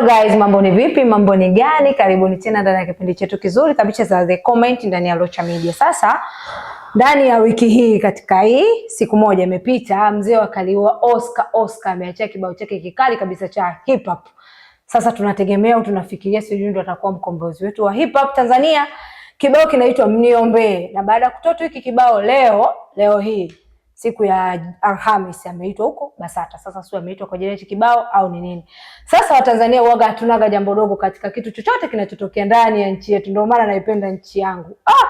Hello guys, mambo ni vipi? Mambo ni gani? Karibuni tena ndani ya kipindi chetu kizuri kabisa za The Comment ndani ya Locha Media. Sasa ndani ya wiki hii, katika hii siku moja imepita, mzee wa Kaliwa Oscar Oscar ameachia kibao chake kikali kabisa cha hip hop. Sasa tunategemea au tunafikiria sijui ndio atakuwa mkombozi wetu wa hip hop Tanzania. Kibao kinaitwa Mniombee, na baada ya kutoto hiki kibao leo leo hii siku ya Alhamis ameitwa huko BASATA. Sasa sio ameitwa kwa ajili ya kibao au ni nini? Sasa Watanzania huaga hatunaga jambo dogo katika kitu chochote kinachotokea ndani ya nchi yetu, ndio maana naipenda nchi yangu ah!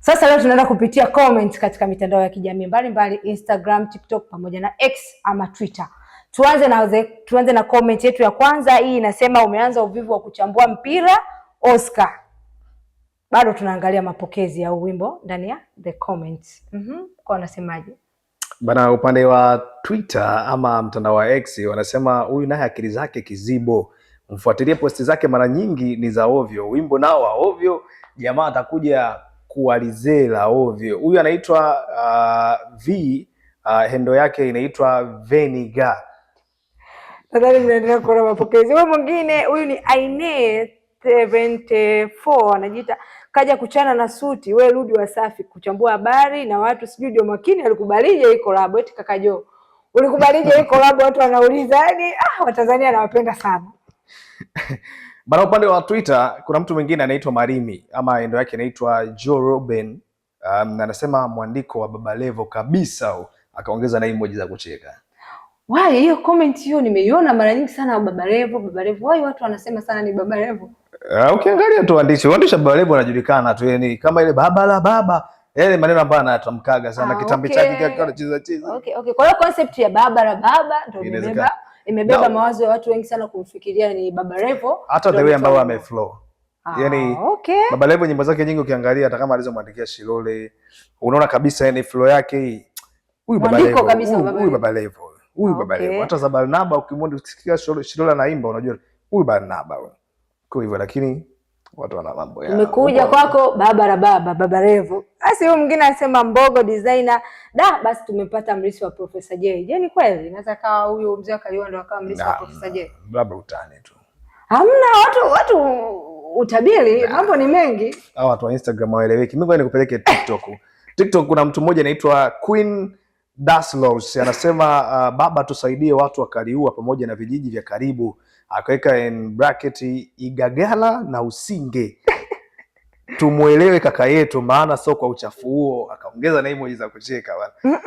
Sasa leo tunaenda kupitia comment katika mitandao ya kijamii mbalimbali, Instagram, TikTok pamoja na X ama Twitter. Tuanze na, tuanze na comment yetu ya kwanza. Hii inasema umeanza uvivu wa kuchambua mpira Oscar. Bado tunaangalia mapokezi ya wimbo ndani ya the comments. Mhm, Mm kwa unasemaje? Bana, upande wa Twitter ama mtandao wa X wanasema huyu naye akili zake kizibo, mfuatilie posti zake, mara nyingi ni za ovyo, wimbo nao wa ovyo, jamaa atakuja kualizela ovyo. Huyu anaitwa uh, V uh, hendo yake inaitwa Veniga. Nadhani mnaendelea kuona mapokezi. Huyu mwingine huyu ni Aine 74 anajiita kaja kuchana na suti, we rudi Wasafi kuchambua habari na watu, sijui Joh Makini alikubalije hii collab, Eti kaka Jo ulikubalije hii collab? Watu wanauliza yani, ah, Watanzania nawapenda sana bana. Upande wa Twitter kuna mtu mwingine anaitwa Marimi ama endo yake inaitwa Jo Robin, um, anasema mwandiko wa Baba Levo kabisa, akaongeza na emoji za kucheka. Wai, hiyo comment hiyo nimeiona mara nyingi sana, Baba Levo, Baba Levo. Wai, watu wanasema sana ni Baba Levo. Eh, ukiangalia tu andishi waandishi wa anajulikana tu, yani kama ile baba la baba yale maneno ambayo anatamkaga sana ah, kitambi chake kile anacheza cheza. Okay, okay. Kwa hiyo concept ya baba la baba ndio imebeba imebeba mawazo ya watu wengi sana kumfikiria ni Baba Levo, hata the way ambao ame flow ah, yani okay. Baba Levo nyimbo zake nyingi ukiangalia, hata kama alizomwandikia Shilole, unaona kabisa yani flow yake hii, huyu Baba Levo, huyu Baba Levo, huyu Baba Levo. Hata za Barnaba ukimwona ukisikia Shilole anaimba, unajua huyu Barnaba huyu kwa hivyo lakini watu wana mambo yao. Nimekuja kwako Baba Baba Baba Revo, basi huyu mwingine anasema Mbogo designer. Da, basi tumepata mrisi wa Profesa J. Je, ni kweli inaweza kawa huyo mzee akaliwa ndo akawa mrisi wa Profesa J? Labda utani tu, hamna watu watu utabiri, mambo ni mengi. Hao watu wa Instagram waeleweki. Mimi ngoja nikupeleke TikTok. TikTok kuna mtu mmoja anaitwa Queen Daslos anasema uh, baba tusaidie watu wa Kaliua pamoja na vijiji vya karibu akaweka in bracket Igagala na Usinge tumwelewe kaka yetu, maana sio kwa uchafu huo. Akaongeza na emoji za kucheka bana.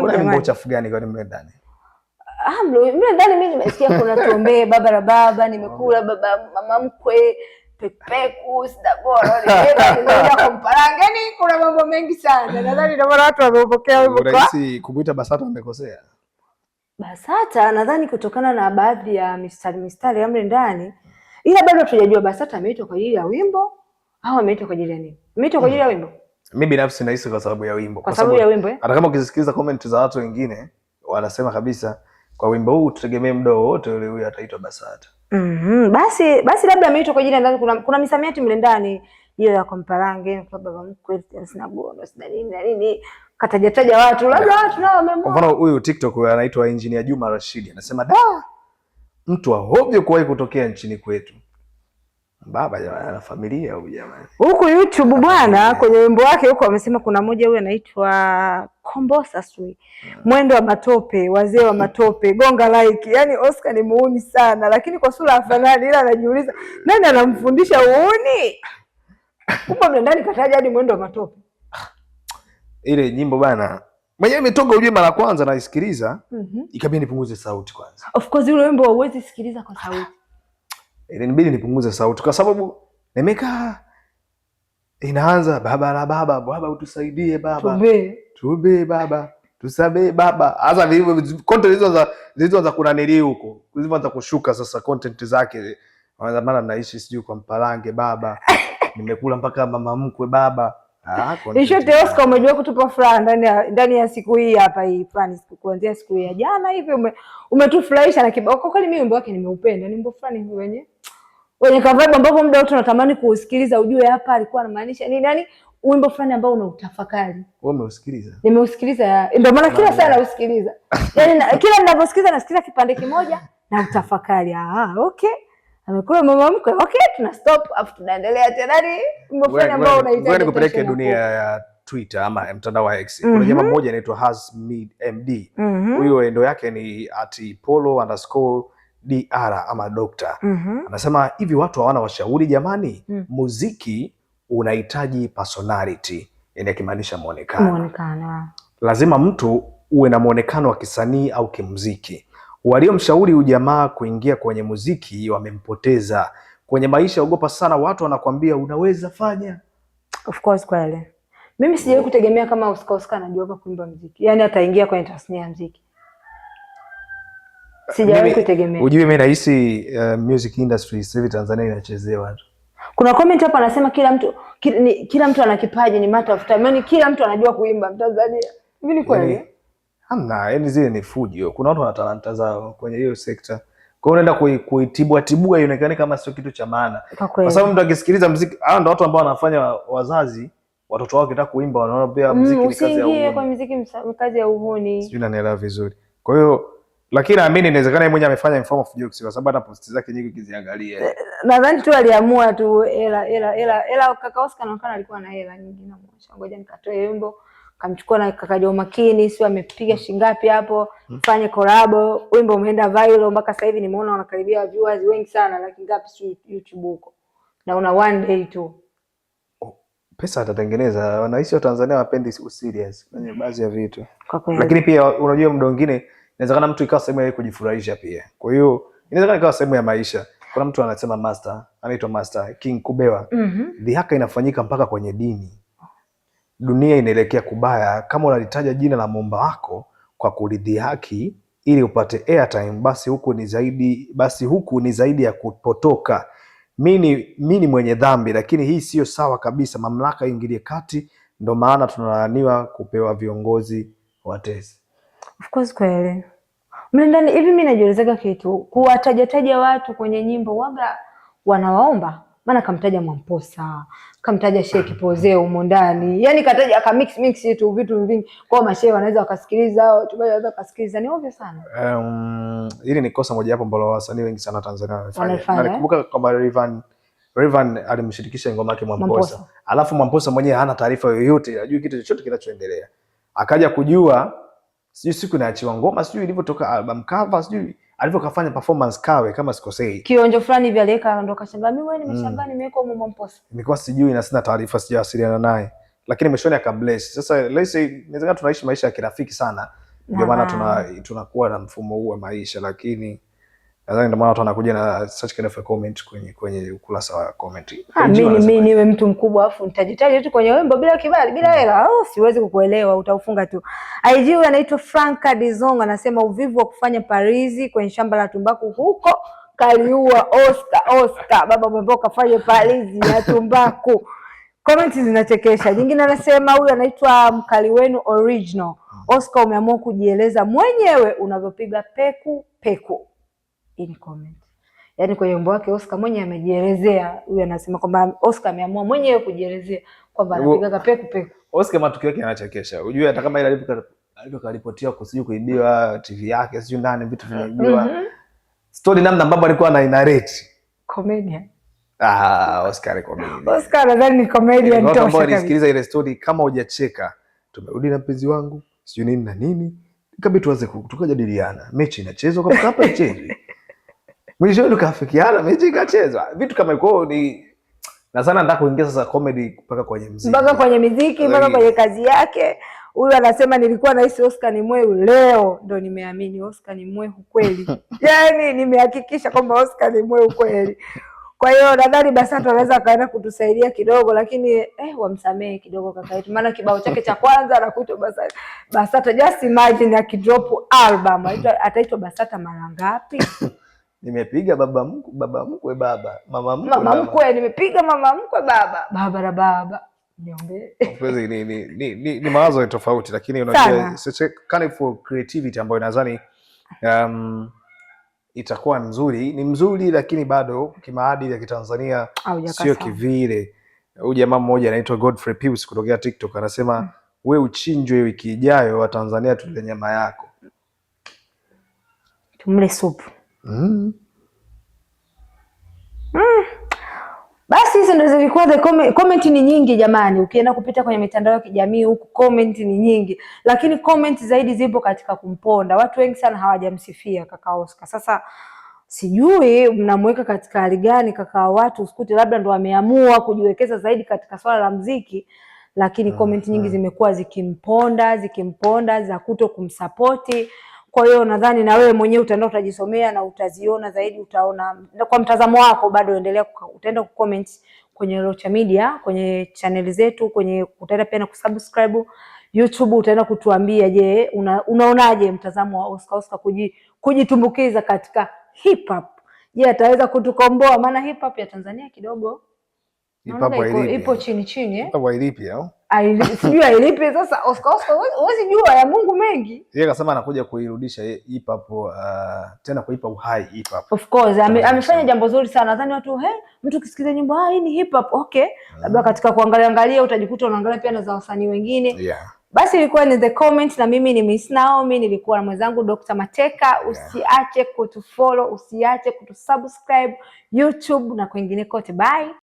kuna mbo uchafu gani kwani mle ndani? Ah, mle ndani mimi nimesikia kuna tuombee baba la baba, nimekula baba mama mkwe pepeku kuna mambo mengi sana, nadhani ndio watu wamepokea hivyo. Kwa kumuita Basata amekosea BASATA nadhani kutokana na baadhi ya mistari mistari mle ndani, ila bado hatujajua BASATA ameitwa kwa ajili ya wimbo au ameitwa kwa ajili ya nini? Ameitwa kwa ajili ya hmm. wimbo. Mimi binafsi nahisi kwa sababu ya wimbo, kwa sababu ya wimbo. Eh? Hata kama ukisikiliza comment za watu wengine wanasema kabisa kwa wimbo huu tutegemee muda wowote ule huyu ataitwa BASATA. Mm -hmm. Basi basi labda ameitwa kwa ajili ya ndani, kuna kuna misamiati mle ndani hiyo ya komparange kwa baba mkwe sina gono sina nini na nini, katajataja watu labda watu nao wamemwona. Kwa mfano huyu TikTok anaitwa engineer Juma Rashid anasema da, mtu wa ahovyo kuwahi kutokea nchini kwetu. Baba ana familia huyu jamani. Huku YouTube bwana kwenye wimbo wake huko amesema kuna mmoja huyu anaitwa Kombosa sui. Mwendo wa matope, wazee wa matope, gonga like. Yani Oscar ni muuni sana lakini kwa sura afanani ila anajiuliza nani anamfundisha uuni? Kumbe ndani kataja hadi mwendo wa matope. Ile nyimbo bana mwenyewe imetoka ujue, mara kwanza naisikiliza mm -hmm. Ikabidi nipunguze sauti kwanza. Of course ule wimbo hauwezi sikiliza kwa sauti. Ah, ile nibidi nipunguze sauti kwa sababu nimekaa inaanza baba la baba baba utusaidie baba tube tube baba tusabe baba. Sasa vivyo content hizo za zilizo za kunanili huko zilizo za kushuka sasa content zake, maana naishi sijui kwa mpalange baba nimekula mpaka mama mkwe baba. Ah, Ishote Oscar, umejua kutupa furaha ndani ya ndani ya siku hii hapa hii fulani, kuanzia siku ya jana hivi ume, na kibao. Kwa kweli mimi wimbo wake nimeupenda, ni wimbo fulani hivi wenye wenye kavabu ambapo muda wote unatamani kuusikiliza ujue hapa alikuwa anamaanisha nini, yani wimbo fulani ambao unautafakari. Wewe umeusikiliza? Nimeusikiliza, ndio maana kila saa nausikiliza, yani kila ninaposikiza nasikiliza kipande kimoja na utafakari. Ah, okay amekula mama mkwe. Okay, tuna stop afu tunaendelea tena yaani, ni ambao nikupeleke dunia ya Twitter ama mtandao wa X. Kuna mhm. jamaa mmoja anaitwa Hasmid MD. Mhm. Huyo mm -hmm. endo yake ni @polo_dr ama doctor. mm -hmm. Anasema hivi watu hawana washauri jamani, mm muziki unahitaji personality, yani akimaanisha muonekano. Muonekano. Ah. Lazima mtu uwe na muonekano wa kisanii au kimuziki Waliomshauri ujamaa kuingia kwenye muziki wamempoteza. Kwenye maisha, ogopa sana watu wanakwambia unaweza fanya. Of course kweli. Mimi sijawahi kutegemea kama Oscar Oscar anajua kuimba muziki. yani ataingia kwenye tasnia ya muziki. Sijawahi kutegemea. Unajua mimi nahisi uh, music industry sasa hivi Tanzania inachezewa tu. Kuna comment hapa anasema kila mtu kila, ni, kila mtu ana kipaji ni matter of time. yani kila mtu anajua kuimba Mtanzania. Hivi ni kweli? Yaani hamna, yani zile ni fujo. Kuna watu wana talanta zao kwenye hiyo sekta, kwa hiyo unaenda kuitibua tibua ionekane kama sio kitu cha maana, kwa sababu mtu akisikiliza muziki, hao ndio watu ambao wanafanya wazazi watoto wao kitaka kuimba, wanaona pia muziki mm, ni kwa muziki ni ya uhuni, sijui nanielewa vizuri. Kwa hiyo lakini naamini inawezekana yeye mwenyewe amefanya mfumo of jokes kwa sababu hata post zake nyingi ukiziangalia, eh, nadhani tu aliamua tu hela hela hela hela. Kaka Oscar anaonekana alikuwa na hela nyingi, na ngoja nikatoe wimbo kamchukua na kakaja umakini sio amepiga mm. shingapi hapo mm. fanye collabo, wimbo umeenda viral mpaka sasa hivi nimeona wanakaribia viewers wengi sana laki ngapi si YouTube huko, na una one day tu pesa atatengeneza. wanaishi wa Tanzania wapendi serious kwenye baadhi ya vitu, lakini pia unajua muda mwingine inawezekana mtu ikawa sehemu ya kujifurahisha pia, kwa hiyo inawezekana ikawa sehemu ya maisha. Kuna mtu anasema master, anaitwa Master King Kubewa, mm -hmm. dhihaka inafanyika mpaka kwenye dini dunia inaelekea kubaya. Kama unalitaja jina la muumba wako kwa kuridhia haki ili upate airtime, basi huku ni zaidi, basi huku ni zaidi ya kupotoka. Mimi ni mwenye dhambi, lakini hii siyo sawa kabisa. Mamlaka ingilie kati. Ndo maana tunalaaniwa kupewa viongozi watesi. Of course kweli mlindani. Hivi mi najielezaga kitu, kuwatajataja watu kwenye nyimbo waga wanawaomba maana kamtaja Mwamposa, kamtaja Shehe Kipozee humo ndani, yani kataja aka mix mix tu vitu vingi kwao, mashehe wanaweza wakasikiliza au wachungaji wanaweza wakasikiliza, ni ovyo sana. Um, hili ni kosa moja hapo ambalo wasanii wengi sana Tanzania wanafanya. Nakumbuka kwamba Rayvanny Rayvanny alimshirikisha ngoma yake Mwamposa, alafu Mwamposa mwenyewe hana taarifa yoyote, ajui kitu chochote kinachoendelea, akaja kujua sijui siku inaachiwa ngoma, sijui ilivyotoka album cover, sijui alivyokafanya performance kawe kama sikosei, kionjo fulani hivi aliweka ndo kashamba mimi wewe nimeshangaa, mm. nimeweka mumo mposa, nilikuwa sijui na sina taarifa, sijawasiliana naye, lakini mwishoni akabless. Sasa laisi inawezekana tunaishi maisha ya kirafiki sana, ndio maana tunakuwa na mfumo huu wa maisha lakini Nadhani ndio maana watu wanakuja na such kind of a comment kwenye kwenye ukurasa wa comment. Ah, mimi mimi niwe mtu mkubwa afu nitajitaja tu kwenye wembo bila kibali bila hela. mm. Oh, siwezi kukuelewa utaufunga tu. IG huyu anaitwa Frank Dizong anasema uvivu wa kufanya parizi kwenye shamba la tumbaku huko kaliua Oscar Oscar baba umeboka fanye parizi ya tumbaku. Komenti zinachekesha. Nyingine anasema huyu anaitwa mkali wenu original. Mm. Oscar umeamua kujieleza mwenyewe unavyopiga peku peku in comment. Yaani kwenye wimbo wake Oscar mwenye amejielezea, huyu anasema kwamba Oscar ameamua mwenyewe kujielezea kwamba anapiga kapeku peku. Oscar matukio yake yanachekesha. Unajua hata kama ile alivyokaripotiwa kusiju kuibiwa TV yake, sijui ndani vitu vinaibiwa. Mm -hmm. Story namna ambavyo alikuwa ana narrate. Comedian. Ah, Oscar ni comedian. Oscar nadhani ni comedian tosha. Kama nisikiliza ile story kama hujacheka, tumerudi na mpenzi wangu, sijui nini na nini. Kabla tuanze tukajadiliana, mechi inachezwa kwa hapa ichezwe mwisho tukafikiana mechi ikachezwa, vitu kama hivyo ni na sana nataka kuingia sasa comedy mpaka kwenye muziki mpaka kwenye muziki mpaka kwenye kazi yake. Huyu anasema nilikuwa nahisi Oscar ni mwehu, leo ndo nimeamini Oscar ni mwehu kweli. Yani nimehakikisha kwamba Oscar ni mwehu kweli. Kwa hiyo nadhani Basata anaweza akaenda kutusaidia kidogo, lakini eh, wamsamehe kidogo kaka yetu, maana kibao chake cha kwanza anakuitwa Basata. Basata, just imagine akidrop album ataitwa Basata mara ngapi? nimepiga baba mkwe, baba mkwe, baba mama mkwe, mama mkwe, nimepiga mama mkwe, baba baba baba niombe. Ni, ni, ni, ni ni mawazo tofauti, lakini unajua kind of creativity ambayo nadhani um, itakuwa mzuri, ni mzuri, lakini bado kimaadili ya Kitanzania sio kivile. Huyu jamaa mmoja anaitwa Godfrey Pius kutokea TikTok anasema mm. We uchinjwe wiki ijayo, Watanzania tule nyama yako, tumle supu Mm. Mm. Basi hizo ndo zilikuwa the comment, comment ni nyingi jamani. Ukienda kupita kwenye mitandao ya kijamii huku comment ni nyingi, lakini comment zaidi zipo katika kumponda. Watu wengi sana hawajamsifia kaka Oscar. Sasa sijui mnamweka katika hali gani kaka, watu usikute labda ndo wameamua kujiwekeza zaidi katika swala la mziki, lakini comment nyingi zimekuwa zikimponda zikimponda za kuto kumsapoti. Kwa hiyo nadhani na wewe mwenyewe utaenda utajisomea na utaziona zaidi, utaona kwa mtazamo wako. Bado endelea, utaenda kucomment kwenye Locha Media, kwenye chaneli zetu, kwenye utaenda pia na kusubscribe YouTube, utaenda kutuambia, je, una, unaonaje mtazamo wa Oscar Oscar kujitumbukiza katika hip hop? Je, ataweza kutukomboa? Maana hip hop ya Tanzania kidogo ipo chini chini, eh? au sijui Sasa Oscar Oscar, huwezi jua ya Mungu mengi. Yeye akasema anakuja kuirudisha uh, tena kuipa uhai Of course amefanya jambo zuri sana, nadhani watu he, mtu kisikiza nyimbo ah, hii ni hip hop okay, hmm. labda katika kuangalia angalia utajikuta unaangalia pia na za wasanii wengine yeah. Basi ilikuwa ni the comment, na mimi ni Miss Naomi, nilikuwa na mwenzangu Dr. Mateka. Usiache kutufollow, usiache kutusubscribe YouTube na kwingine kote. Bye.